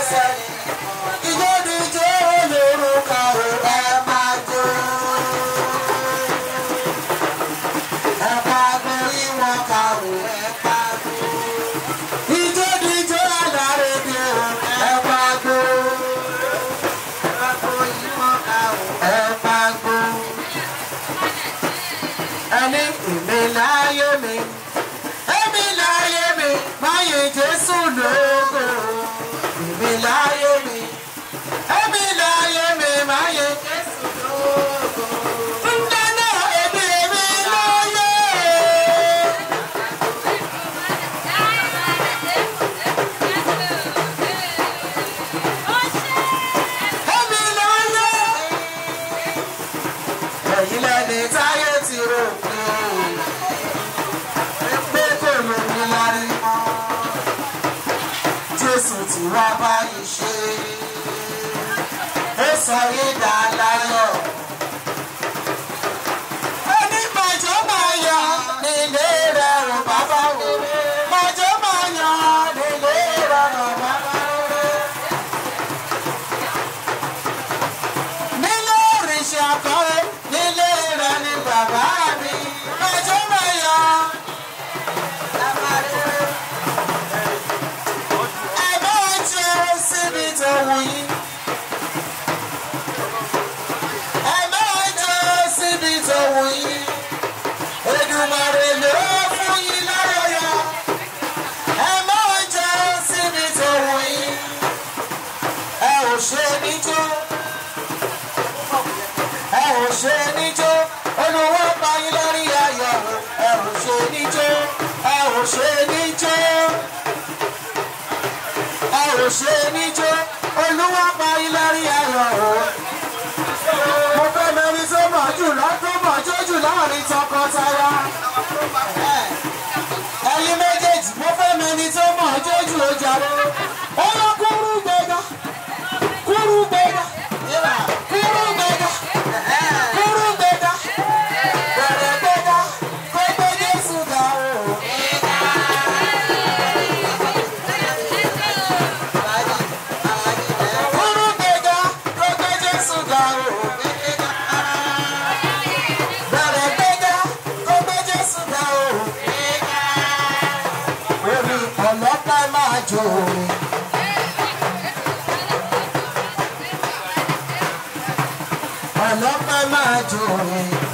Yes, sir. ẹni táyé ti rò pé pé kò ló ní lárí mọ́ Jésù tí wá báyìí ṣe é sọ yé dáa. Vai, vai! ṣe níjó olúwa pa ìlérí ayọ̀ o. mo fẹ́ mẹ́rin tó mọ̀ jù lọ́tún mọ̀ jójù láàrin tọkọtaya. ragione I love my ragione